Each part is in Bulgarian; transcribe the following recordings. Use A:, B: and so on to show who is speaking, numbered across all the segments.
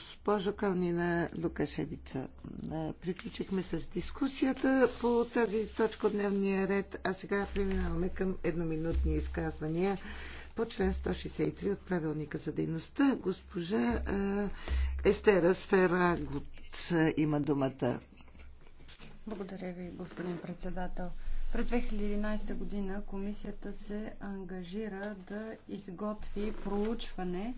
A: госпожо Калнина Лукашевица. Приключихме с дискусията по тази точка от дневния ред, а сега преминаваме към едноминутни изказвания по член 163 от правилника за дейността. Госпожа Естера Сферагут има думата.
B: Благодаря ви, господин председател. През 2011 година комисията се ангажира да изготви проучване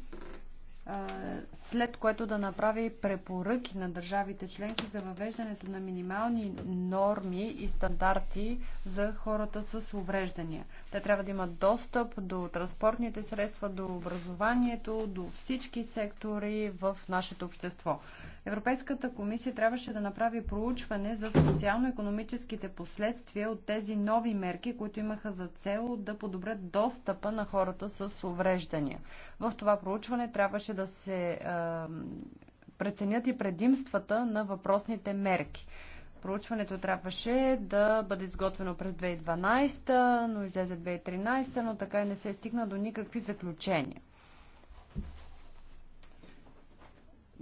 B: след което да направи препоръки на държавите членки за въвеждането на минимални норми и стандарти за хората с увреждания. Те трябва да имат достъп до транспортните средства, до образованието, до всички сектори в нашето общество. Европейската комисия трябваше да направи проучване за социално-економическите последствия от тези нови мерки, които имаха за цел да подобрят достъпа на хората с увреждания. В това проучване трябваше да се преценят и предимствата на въпросните мерки. Проучването трябваше да бъде изготвено през 2012, но излезе 2013, но така и не се стигна до никакви заключения.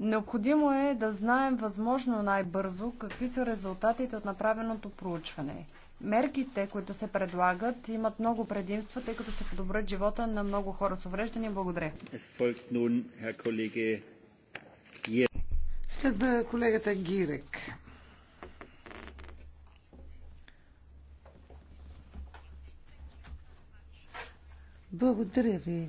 B: Необходимо е да знаем възможно най-бързо какви са резултатите от направеното проучване. Мерките, които се предлагат, имат много предимства, тъй като ще подобрят живота на много хора с увреждания. Благодаря.
A: Следва е колегата Гирек. Благодаря ви.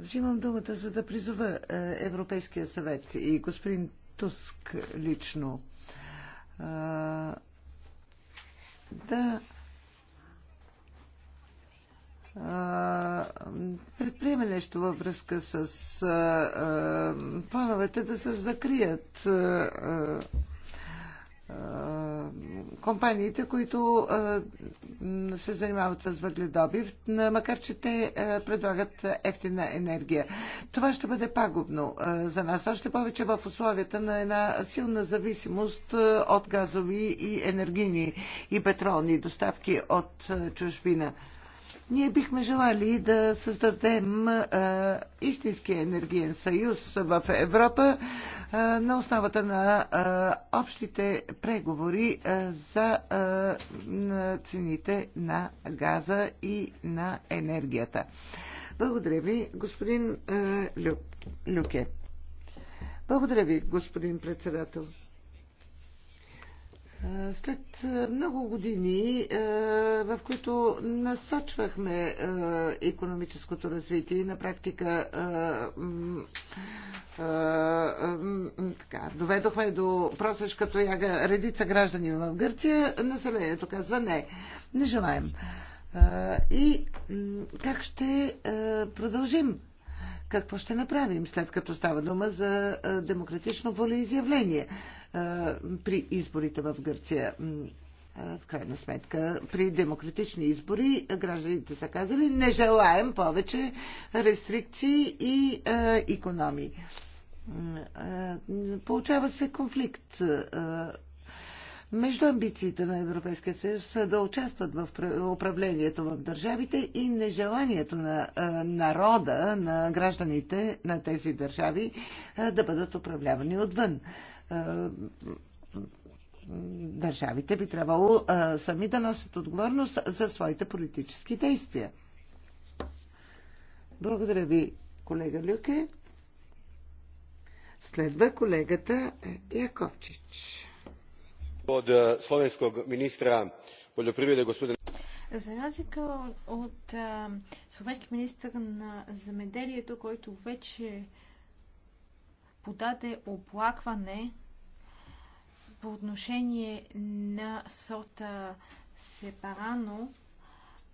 A: Взимам думата, за да призова е, Европейския съвет и господин Туск лично е, да е, предприеме нещо във връзка с плановете да се закрият компаниите, които се занимават с въгледобив, макар че те предлагат ефтина енергия. Това ще бъде пагубно за нас, още повече в условията на една силна зависимост от газови и енергийни и петролни доставки от чужбина. Ние бихме желали да създадем а, истински енергиен съюз в Европа а, на основата на а, общите преговори а, за а, на цените на газа и на енергията. Благодаря ви, господин а, Лю, Люке. Благодаря ви, господин председател. Е, след е, много години, е, в които насочвахме економическото развитие и на практика така, доведохме до просеч като яга редица граждани в Гърция, населението казва не, не желаем. И как ще продължим какво ще направим, след като става дума за демократично волеизявление при изборите в Гърция. В крайна сметка, при демократични избори гражданите са казали не желаем повече рестрикции и е, економии. Получава се конфликт между амбициите на Европейския съюз да участват в управлението в държавите и нежеланието на народа, на гражданите на тези държави да бъдат управлявани отвън. Е, държавите би трябвало е, сами да носят отговорност за своите политически действия. Благодаря ви, колега Люке. Следва колегата Яковчич. Od slovenskog ministra
C: poljoprivrede gospodina
D: за разлика от, е, словенски министр на земеделието, който вече подаде оплакване по отношение на сорта Сепарано,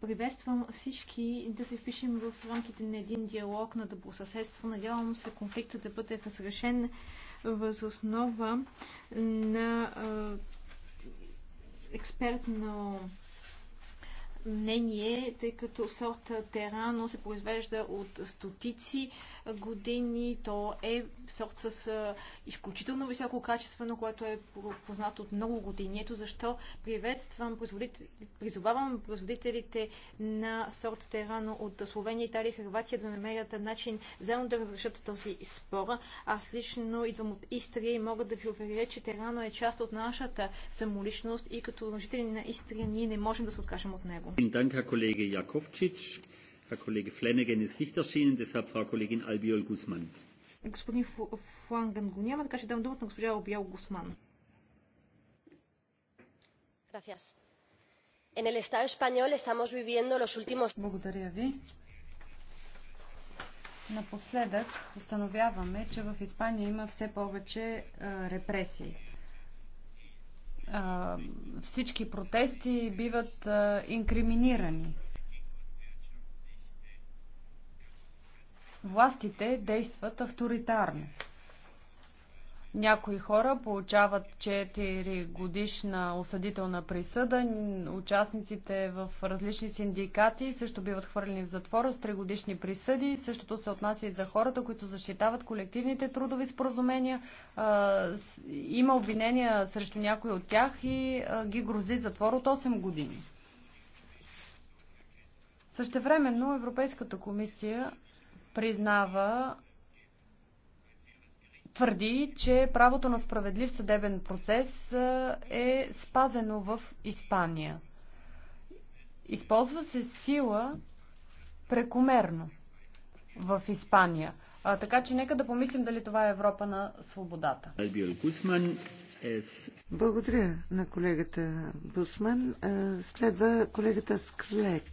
D: приветствам всички да се впишем в рамките на един диалог на добросъседство. Надявам се конфликтът да бъде разрешен възоснова на е, експертно мнение, тъй като сорта Терано се произвежда от стотици години. То е сорт с изключително високо качество, на което е познато от много години. Ето защо приветствам призовавам производителите на сорт Терано от Словения, Италия и Хрватия да намерят начин заедно да разрешат този спор. Аз лично идвам от Истрия и мога да ви уверя, че Терано е част от нашата самоличност и като жители на Истрия ние не можем да се откажем от него.
E: Благодаря, колега Яковчич. Herr Kollege Flanagan ist nicht erschienen, deshalb Frau Kollegin Albiol Guzman.
D: Господин Фланган го няма, така ще дам думата на госпожа Гусман. Благодаря ви.
B: Напоследък установяваме, че в Испания има все повече а, е, репресии. А, е, всички протести биват а, е, инкриминирани. властите действат авторитарно. Някои хора получават 4 годишна осъдителна присъда, участниците в различни синдикати също биват хвърлени в затвора с 3 годишни присъди. Същото се отнася и за хората, които защитават колективните трудови споразумения. Има обвинения срещу някои от тях и ги грози затвор от 8 години. Същевременно Европейската комисия признава твърди, че правото на справедлив съдебен процес е спазено в Испания. Използва се сила прекомерно в Испания. А, така че нека да помислим дали това е Европа на свободата.
A: Благодаря на колегата Бусман. Следва колегата Склеч.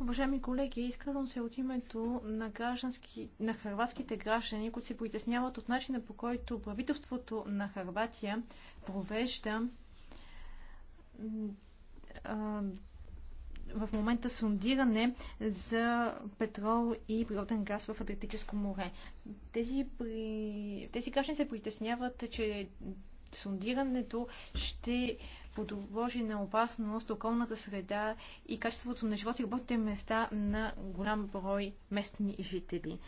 D: Уважаеми колеги, изказвам се от името на, граждански, на хрватските граждани, които се притесняват от начина по който правителството на Харватия провежда а, в момента сондиране за петрол и природен газ в Атлантическо море. Тези, при... Тези граждани се притесняват, че сондирането ще подложи на опасност околната среда и качеството на живота и работните места на голям брой местни жители.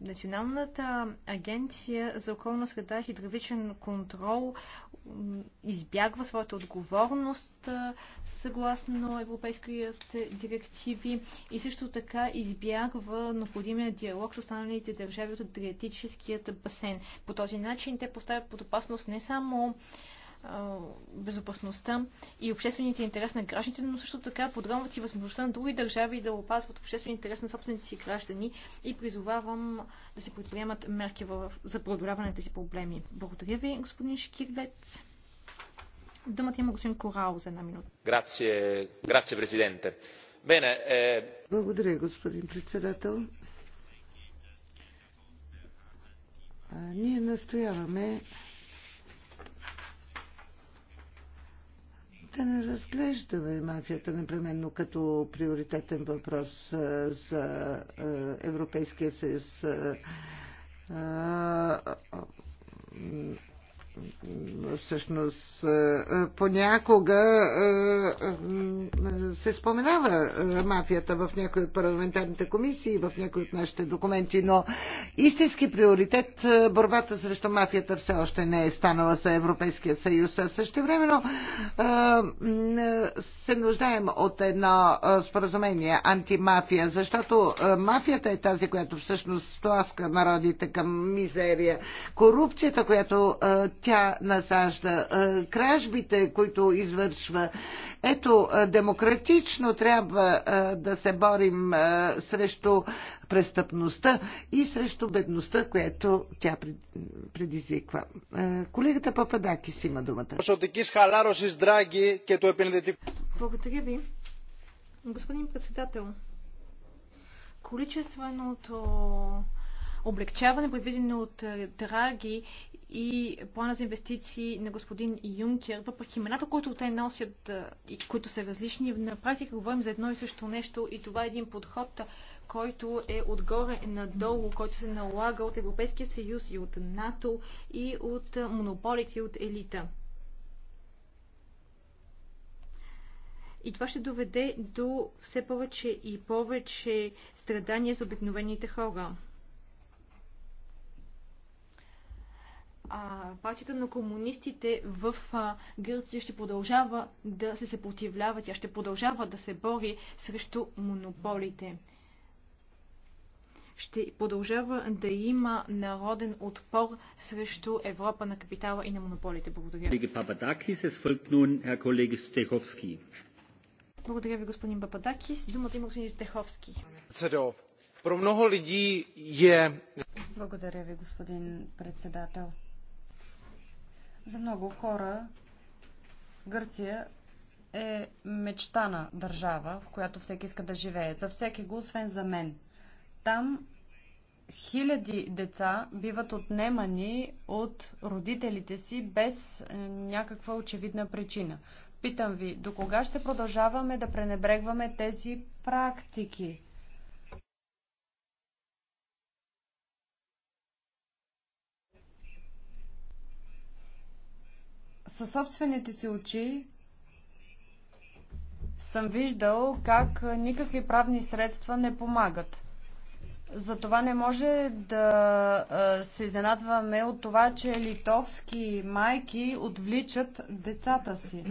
D: Националната агенция за околна среда и хидравичен контрол избягва своята отговорност съгласно европейските директиви и също така избягва необходимия диалог с останалите държави от Адриатическият басейн. По този начин те поставят под опасност не само безопасността и обществените интерес на гражданите, но също така подробват и възможността на други държави да опазват обществен интерес на собствените си граждани и призовавам да се предприемат мерки за преодоляване на тези проблеми. Благодаря ви, господин Шкирлец. Думата има господин Корал за една минута.
A: Грация,
C: грация президенте. Бене, е...
A: Благодаря, господин председател. А, ние настояваме да не разглеждаме мафията непременно като приоритетен въпрос за Европейския съюз всъщност е, е, понякога е, се споменава мафията в някои от парламентарните комисии, в някои от нашите документи, но истински приоритет борбата срещу мафията все още не е станала за Европейския съюз. А също времено се нуждаем от едно споразумение антимафия, защото мафията е тази, която всъщност тласка народите към мизерия. Корупцията, която тя насажда, кражбите, които извършва. Ето, демократично трябва да се борим срещу престъпността и срещу бедността, което тя предизвиква. Колегата Пападакис има думата.
D: Благодаря ви. Господин председател, количественото облегчаване, предвидено от е, Драги и плана за инвестиции на господин Юнкер, въпреки имената, които те носят е, и които са различни, на практика говорим за едно и също нещо и това е един подход, който е отгоре надолу, който се налага от Европейския съюз и от НАТО и от е, монополите и от елита. И това ще доведе до все повече и повече страдания за обикновените хора. а, партията на комунистите в а, Гърция ще продължава да се съпротивлява, тя ще продължава да се бори срещу монополите. Ще продължава да има народен отпор срещу Европа на капитала и на монополите. Благодаря. Е Благодаря ви, господин Пападакис. Думата има господин Стеховски. Е- Благодаря ви, господин председател.
B: За много хора Гърция е мечтана държава, в която всеки иска да живее. За всеки го, освен за мен. Там хиляди деца биват отнемани от родителите си без е, някаква очевидна причина. Питам ви, до кога ще продължаваме да пренебрегваме тези практики? със собствените си очи съм виждал как никакви правни средства не помагат. Затова не може да се изненадваме от това, че литовски майки отвличат децата си.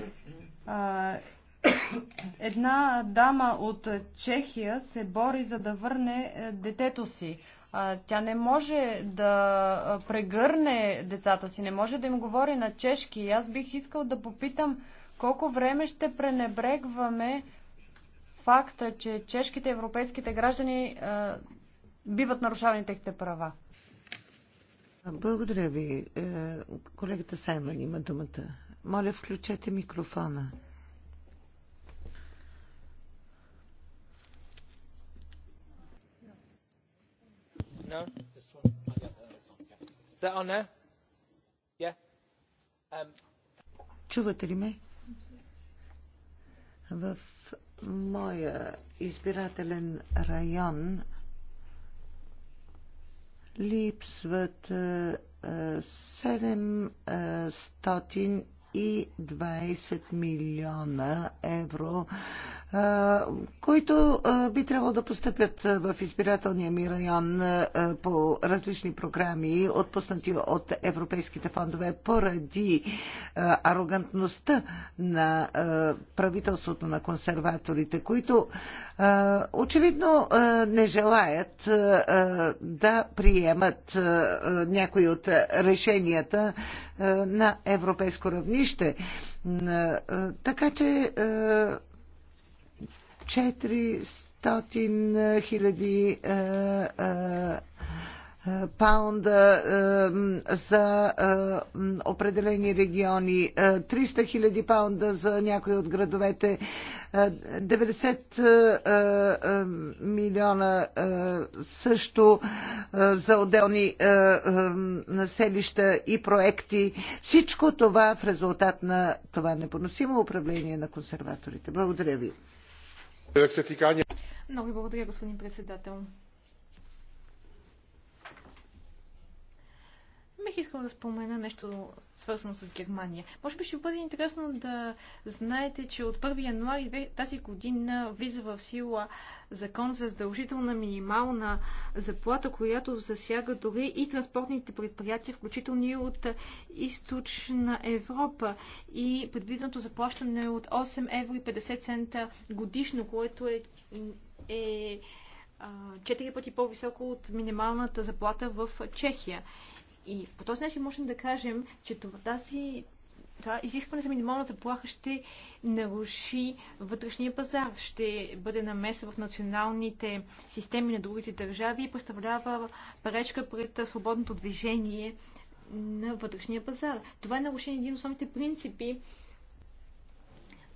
B: Една дама от Чехия се бори за да върне е, детето си. Тя не може да прегърне децата си, не може да им говори на чешки. И аз бих искал да попитам колко време ще пренебрегваме факта, че чешките европейските граждани е, биват нарушавани техните права.
A: Благодаря ви. Е, колегата Саймън има думата. Моля, включете микрофона.
D: No? This one? yeah, that's on. Yeah. Is that on there? Yeah? Um...
A: Чувате ли ме? В моя избирателен район липсват 720 е, е, милиона евро които би трябвало да постъпят в избирателния ми район по различни програми, отпуснати от европейските фондове, поради арогантността на правителството на консерваторите, които очевидно не желаят да приемат някои от решенията на европейско равнище. Така че 400 хиляди е, е, е, паунда за определени региони, 300 хиляди паунда за някои от градовете, 90 милиона също за отделни селища и проекти. Всичко това в резултат на това непоносимо управление на консерваторите. Благодаря ви.
D: Много ви благодаря, господин председател. искам да спомена нещо свързано с Германия. Може би ще бъде интересно да знаете, че от 1 януари тази година влиза в сила закон за задължителна минимална заплата, която засяга дори и транспортните предприятия, включително и от източна Европа. И предвиденото заплащане е от 8 евро и 50 цента годишно, което е, е четири пъти по-високо от минималната заплата в Чехия. И по този начин можем да кажем, че това, тази, това изискване за минимална заплаха ще наруши вътрешния пазар, ще бъде намеса в националните системи на другите държави и представлява пречка пред свободното движение на вътрешния пазар. Това е нарушение един от основните принципи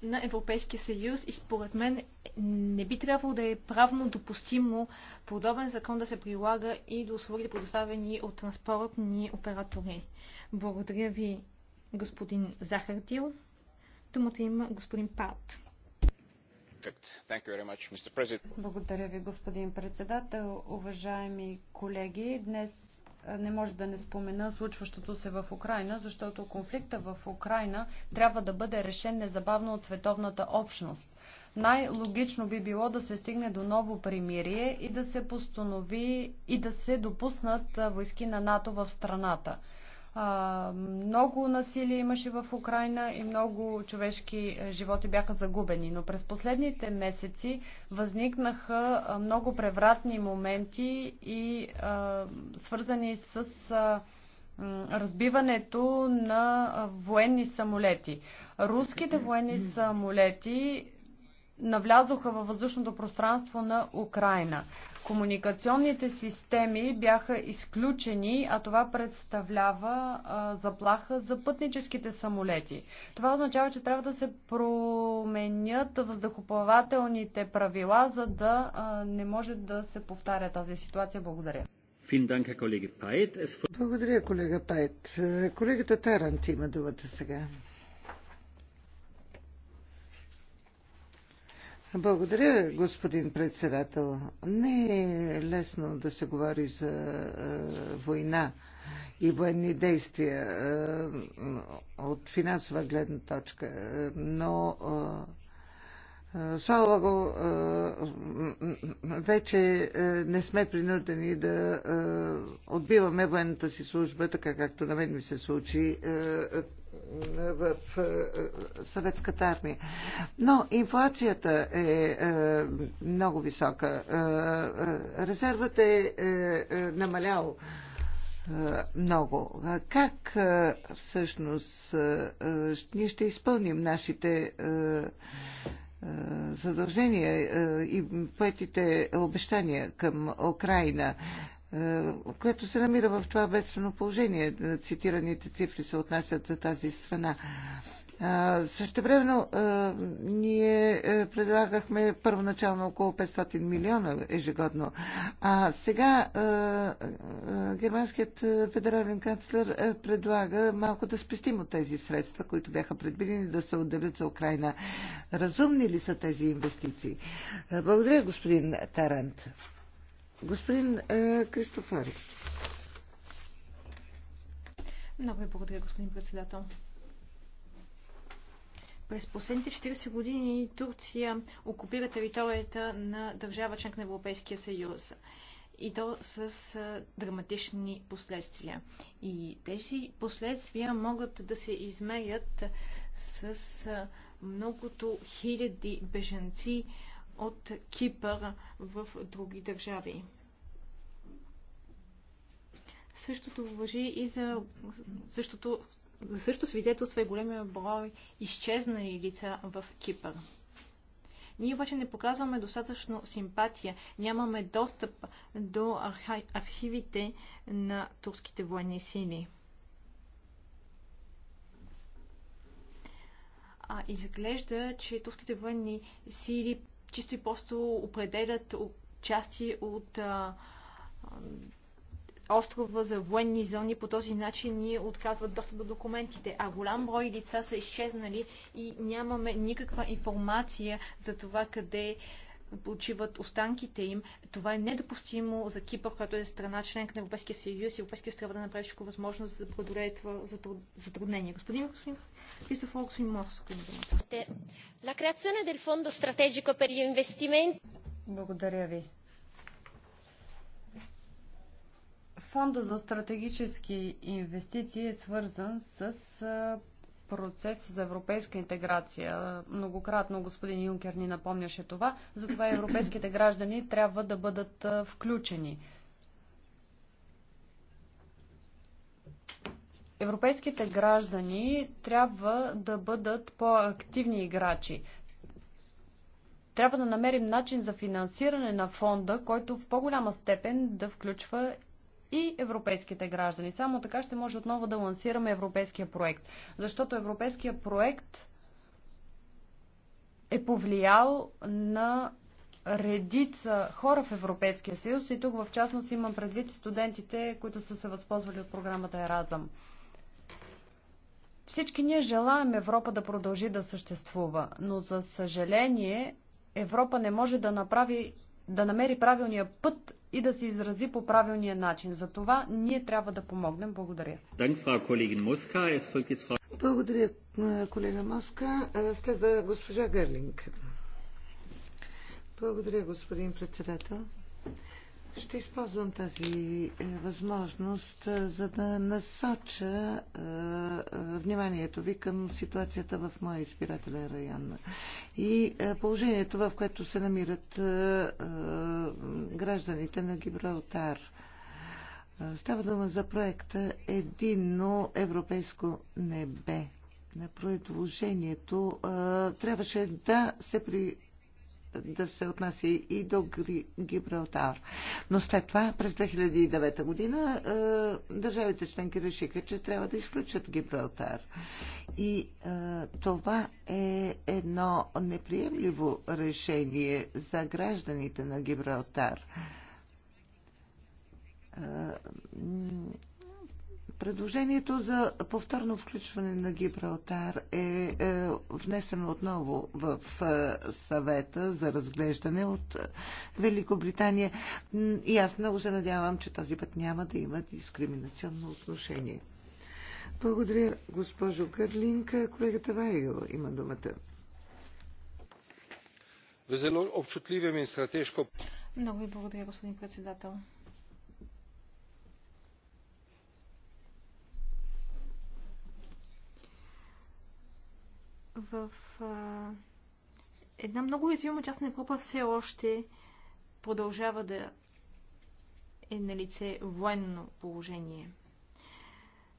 D: на Европейския съюз и според мен не би трябвало да е правно допустимо подобен закон да се прилага и до услугите предоставени от транспортни оператори. Благодаря ви, господин Захардил. Думата има господин Пат. Благодаря ви, господин председател. Уважаеми
B: колеги, днес не може да не спомена случващото се в Украина, защото конфликта в Украина трябва да бъде решен незабавно от световната общност. Най-логично би било да се стигне до ново примирие и да се постанови и да се допуснат войски на НАТО в страната много насилие имаше в Украина и много човешки е, животи бяха загубени. Но през последните месеци възникнаха много превратни моменти и свързани с разбиването на военни самолети. Руските военни самолети навлязоха във въздушното пространство на Украина. Комуникационните системи бяха изключени, а това представлява а, заплаха за пътническите самолети. Това означава, че трябва да се променят въздухоплавателните правила, за да а, не може да се повтаря тази ситуация. Благодаря.
A: Благодаря, колега Пайт. Колегата Тарант има думата сега. Благодаря, господин председател. Не е лесно да се говори за е, война и военни действия е, от финансова гледна точка, е, но е, е слава го, е, вече е, не сме принудени да е, отбиваме военната си служба, така както на мен ми се случи. Е, в е, съветската армия. Но инфлацията е, е много висока. Е, резервът е намалял много. Как всъщност ние ще изпълним нашите задължения и поетите обещания към Украина. Е, която се намира в това бедствено положение. Е, цитираните цифри се отнасят за тази страна. Е, Също времено ние предлагахме първоначално около 500 милиона ежегодно, а сега германският федерален канцлер предлага малко да спестим от тези средства, които бяха предвидени да се отделят за Украина. Разумни ли са тези инвестиции? Благодаря, господин Тарант. Господин е, Кристофари.
D: Много ви благодаря, господин председател. През последните 40 години Турция окупира територията на държава членка на Европейския съюз и то с е, драматични последствия. И тези последствия могат да се измерят с е, многото хиляди беженци от Кипър в други държави. Същото въжи и за същото, за същото свидетелство е големия брой изчезнали лица в Кипър. Ние обаче не показваме достатъчно симпатия, нямаме достъп до архивите на турските военни сили. А изглежда, че турските военни сили чисто и просто определят части от а, острова за военни зони. По този начин ние отказват достъп до документите, а голям брой лица са изчезнали и нямаме никаква информация за това къде почиват останките им. Това е недопустимо за Кипър, която е страна членка на Европейския съюз и Европейския съюз трябва да направи всичко възможно за да преодолее това затруднение. Господин господин Кристоф господин Морско La creazione del Fondo Strategico per gli Investimenti.
B: Благодаря ви. Фонда за стратегически инвестиции е свързан с процес за европейска интеграция. Многократно господин Юнкер ни напомняше това, затова европейските граждани трябва да бъдат включени. Европейските граждани трябва да бъдат по-активни играчи. Трябва да намерим начин за финансиране на фонда, който в по-голяма степен да включва и европейските граждани. Само така ще може отново да лансираме европейския проект. Защото европейския проект е повлиял на редица хора в Европейския съюз и тук в частност имам предвид студентите, които са се възползвали от програмата Еразъм. Всички ние желаем Европа да продължи да съществува, но за съжаление Европа не може да направи да намери правилния път и да се изрази по правилния начин. За това ние трябва да помогнем. Благодаря.
A: Благодаря, колега Моска. Следва госпожа Гърлинг. Благодаря, господин председател. Ще използвам тази е, възможност, е, за да насоча е, вниманието ви към ситуацията в моя избирателен район и положението, в което се намират гражданите на Гибралтар. Става дума за проекта Единно европейско небе. На предложението трябваше да се при да се отнася и до Гибралтар. Но след това, през 2009 година, е, държавите членки решиха, че трябва да изключат Гибралтар. И е, това е едно неприемливо решение за гражданите на Гибралтар. Предложението за повторно включване на Гибралтар е, е внесено отново в е, съвета за разглеждане от Великобритания и аз много се надявам, че този път няма да има дискриминационно отношение. Благодаря, госпожо Гърлинг. Колегата Вайо има думата.
C: Е
D: много ви благодаря, господин председател. в а, една много уязвима част на Европа все още продължава да е на лице военно положение.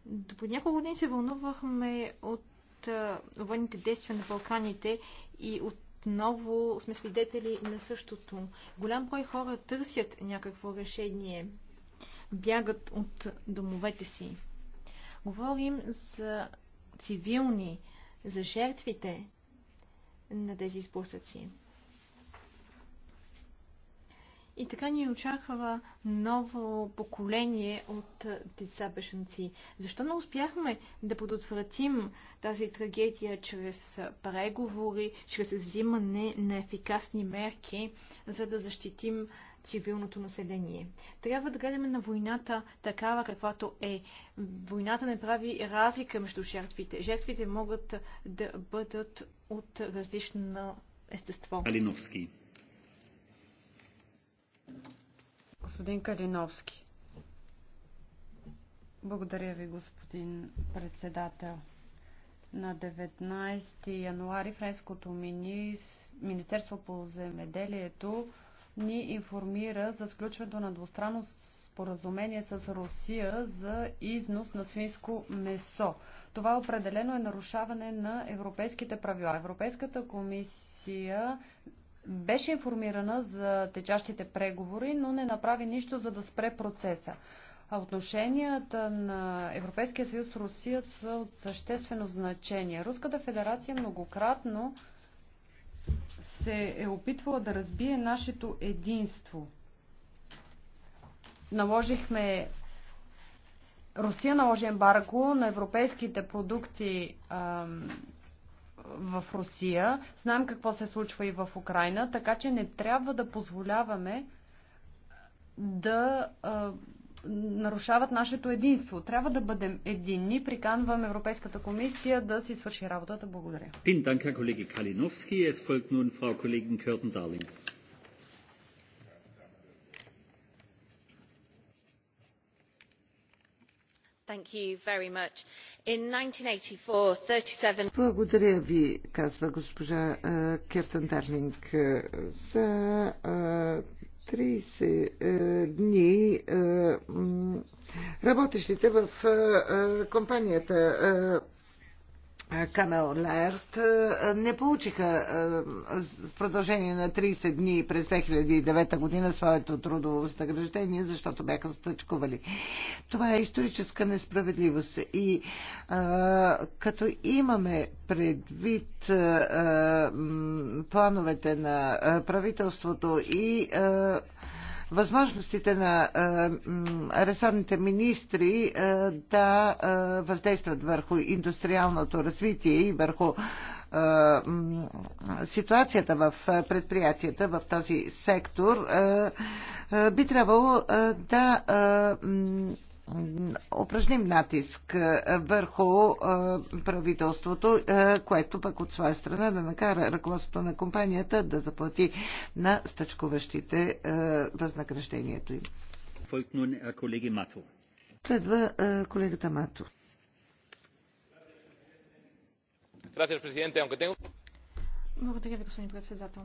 D: До по няколко години се вълнувахме от а, военните действия на Балканите и от отново сме свидетели на същото. Голям брой хора търсят някакво решение, бягат от домовете си. Говорим за цивилни за жертвите на тези сблъсъци. И така ни очаква ново поколение от деца бешенци. Защо не успяхме да предотвратим тази трагедия чрез преговори, чрез взимане на ефикасни мерки, за да защитим цивилното население. Трябва да гледаме на войната такава, каквато е. Войната не прави разлика между жертвите. Жертвите могат да бъдат от различно естество. Калиновски. Господин Калиновски.
B: Благодаря ви, господин председател. На 19 януари Френското мини... Министерство по земеделието ни информира за сключването на двустранно споразумение с Русия за износ на свинско месо. Това определено е нарушаване на европейските правила. Европейската комисия беше информирана за течащите преговори, но не направи нищо за да спре процеса. А отношенията на Европейския съюз с Русия са от съществено значение. Руската федерация многократно се е опитвала да разбие нашето единство. Наложихме Русия наложи ембарго на европейските продукти ам, в Русия. Знаем какво се случва и в Украина, така че не трябва да позволяваме да нарушават нашето единство. Трябва да бъдем единни. Приканвам Европейската комисия да си свърши работата. Благодаря.
A: Благодаря ви, казва госпожа Киртен Дарлинг, за 30 е, дни е, работещите в е, е компанията Е, Камел Лерт не получиха в продължение на 30 дни през 2009 година своето трудово възнаграждение, защото бяха стъчкували. Това е историческа несправедливост. И а, като имаме предвид а, плановете на правителството и а, възможностите на ресорните министри да въздействат върху индустриалното развитие и върху ситуацията в предприятията в този сектор, би трябвало да упражним натиск върху правителството, което пък от своя страна да накара ръководството на компанията да заплати на стъчкуващите възнаграждението им. Следва колегата Мато.
D: Благодаря ви, господин председател.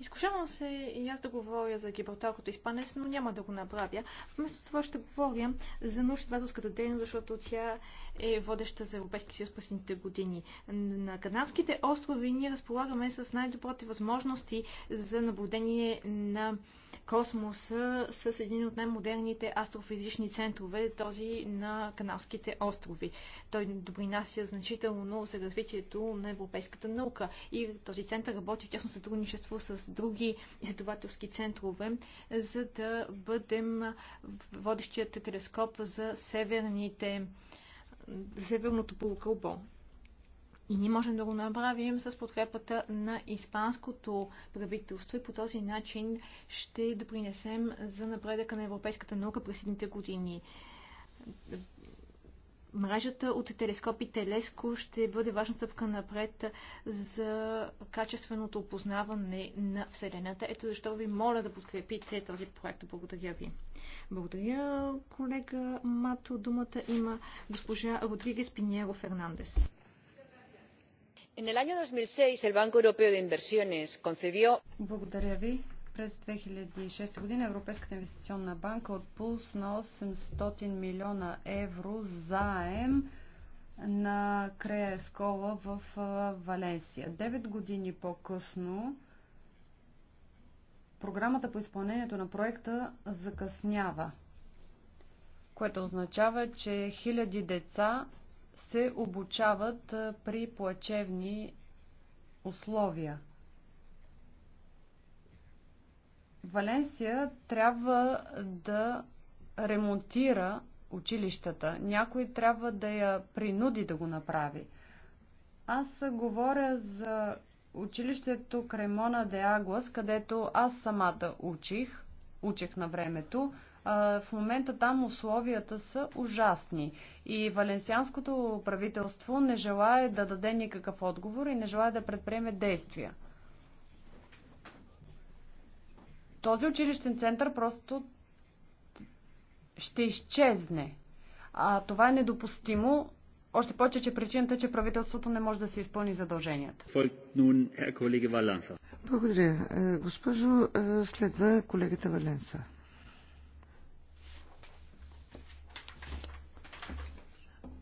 D: Изкушавам се и аз да говоря за Гибралтар като изпанец, но няма да го направя. Вместо това ще говоря за научно-изследователската дейност, защото тя е водеща за Европейски съюз последните години. На Канадските острови ние разполагаме с най-добрите възможности за наблюдение на космоса с един от най-модерните астрофизични центрове, този на Канарските острови. Той допринася значително за развитието на европейската наука и този център работи в тясно сътрудничество с други изследователски центрове, за да бъдем водещият телескоп за северните, северното полукълбо. И ние можем да го направим с подкрепата на испанското правителство и по този начин ще допринесем за напредъка на европейската наука през следните години Мрежата от телескопи телеско ще бъде важна стъпка напред за качественото опознаване на Вселената. Ето защо ви моля да подкрепите този проект. Благодаря ви. Благодаря, колега Мато. Думата има госпожа Родригес Пиньеро Фернандес. En el año
B: 2006 el Banco Europeo de Inversiones concedió...
D: Благодаря ви. През 2006
B: година Европейската инвестиционна банка отпусна 800 милиона евро заем на Крея Ескола в Валенсия. Девет години по-късно програмата по изпълнението на проекта закъснява, което означава, че хиляди деца се обучават при плачевни условия – Валенсия трябва да ремонтира училищата. Някой трябва да я принуди да го направи. Аз говоря за училището Кремона де Аглас, където аз самата учих, учих на времето. В момента там условията са ужасни и валенсианското правителство не желая да даде никакъв отговор и не желая да предприеме действия. този училищен център просто ще изчезне. А това е недопустимо, още повече, че причината е, че правителството не може да се изпълни задълженията.
A: Благодаря. Е, госпожо, е, следва колегата Валенса.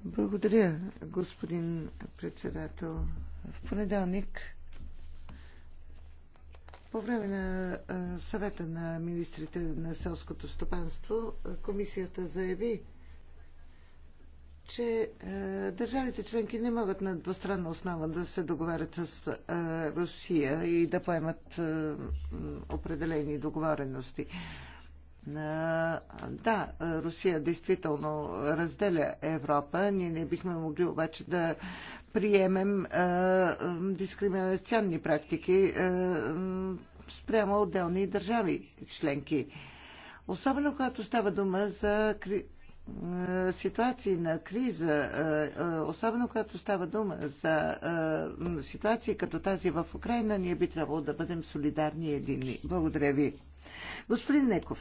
A: Благодаря, господин председател. В понеделник по време на съвета на министрите на селското стопанство комисията заяви, че държавите членки не могат на двустранна основа да се договарят с Русия и да поемат определени договорености. Да, Русия действително разделя Европа. Ние не бихме могли обаче да приемем дискриминационни практики спрямо отделни държави членки. Особено когато става дума за ситуации на криза, особено когато става дума за ситуации като тази в Украина, ние би трябвало да бъдем солидарни и единни. Благодаря ви. Господин Неков.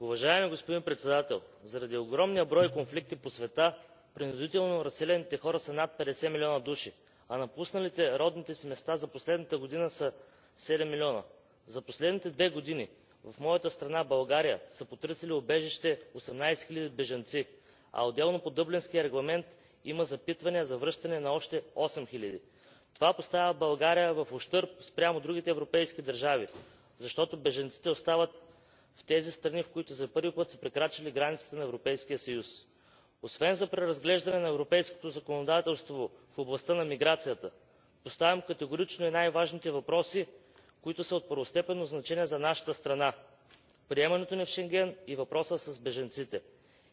C: Уважаеми господин председател, заради огромния брой конфликти по света, принудително разселените хора са над петдесет милиона души а напусналите родните си места за последната година са седем милиона. за последните две години в моята страна българия са потърсили убежище осемнадесет хиляди бежанци а отделно по дъблинския регламент има запитвания за връщане на още осем хиляди. това поставя българия в ущърб спрямо другите европейски държави защото бежанците остават в тези страни в които за първи път са прекрачили границите на европейския съюз освен за преразглеждане на европейското законодателство в областта на миграцията поставям категорично и най важните въпроси които са от първостепенно значение за нашата страна приемането ни в шенген и въпроса с бежанците.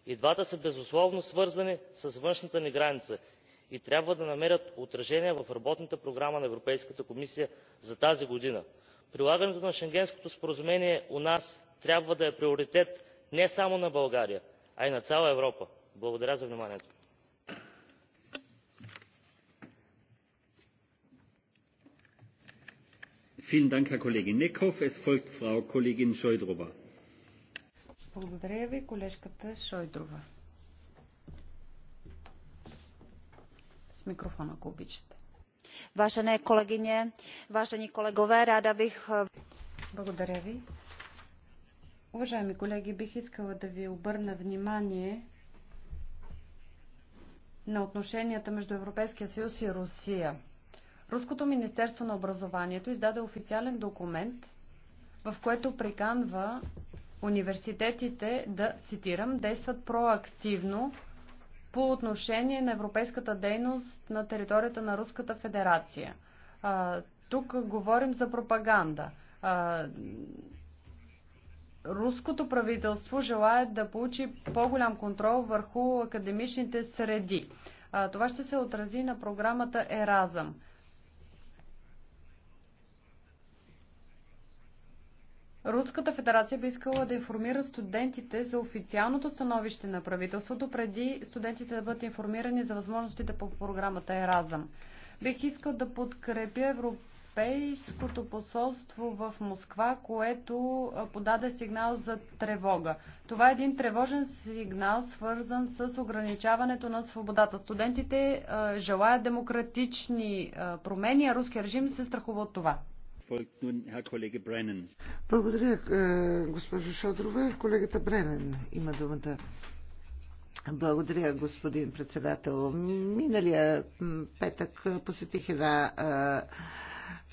C: и двата са безусловно свързани с външната ни граница и трябва да намерят отражение в работната програма на европейската комисия за тази година. прилагането на шенгенското споразумение у нас трябва да е приоритет не само на българия а и на цяла европа благодаря за вниманието.
B: Благодаря ви, колежката Шойдрова. С микрофона, ако обичате. Vážené kolegyně, vážení колегове, рада бих... Благодаря ви. Уважаеми колеги, бих искала да ви обърна внимание на отношенията между Европейския съюз и Русия. Руското Министерство на образованието издаде официален документ, в което приканва университетите да, цитирам, действат проактивно по отношение на европейската дейност на територията на Руската федерация. А, тук говорим за пропаганда. А, руското правителство желая да получи по-голям контрол върху академичните среди. Това ще се отрази на програмата Еразъм. Руската федерация би искала да информира студентите за официалното становище на правителството, преди студентите да бъдат информирани за възможностите по програмата Еразъм. Бих искал да подкрепя Европа. Европейското посолство в Москва, което подаде сигнал за тревога. Това е един тревожен сигнал, свързан с ограничаването на свободата. Студентите желаят демократични
A: промени, а руския режим се страхува от това. Благодаря, госпожо Шодрова. Колегата Бренен има думата. Благодаря, господин председател. Миналия петък посетих една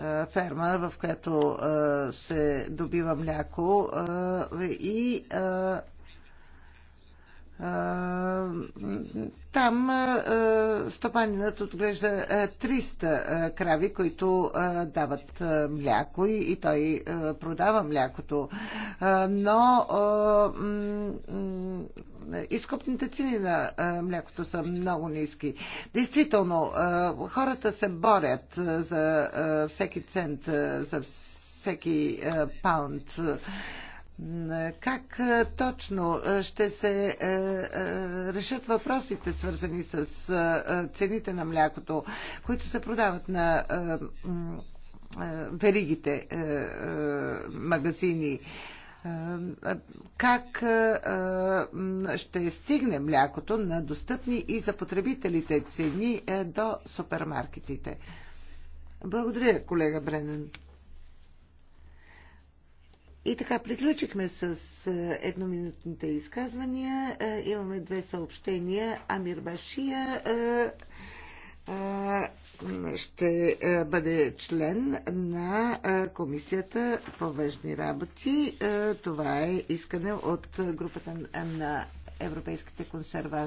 A: е, ферма, в която е, се добива мляко е, и там стопанинът отглежда 300 крави, които дават мляко и той продава млякото. Но изкупните цени на млякото са много ниски. Действително, хората се борят за всеки цент, за всеки паунд. Как точно ще се решат въпросите, свързани с цените на млякото, които се продават на веригите магазини? Как ще стигне млякото на достъпни и за потребителите цени до супермаркетите? Благодаря, колега Бренен. И така, приключихме с е, едноминутните изказвания. Е, имаме две съобщения. Амир Башия е, ще бъде член на Комисията по външни работи. Това е искане от групата на европейските консерватори.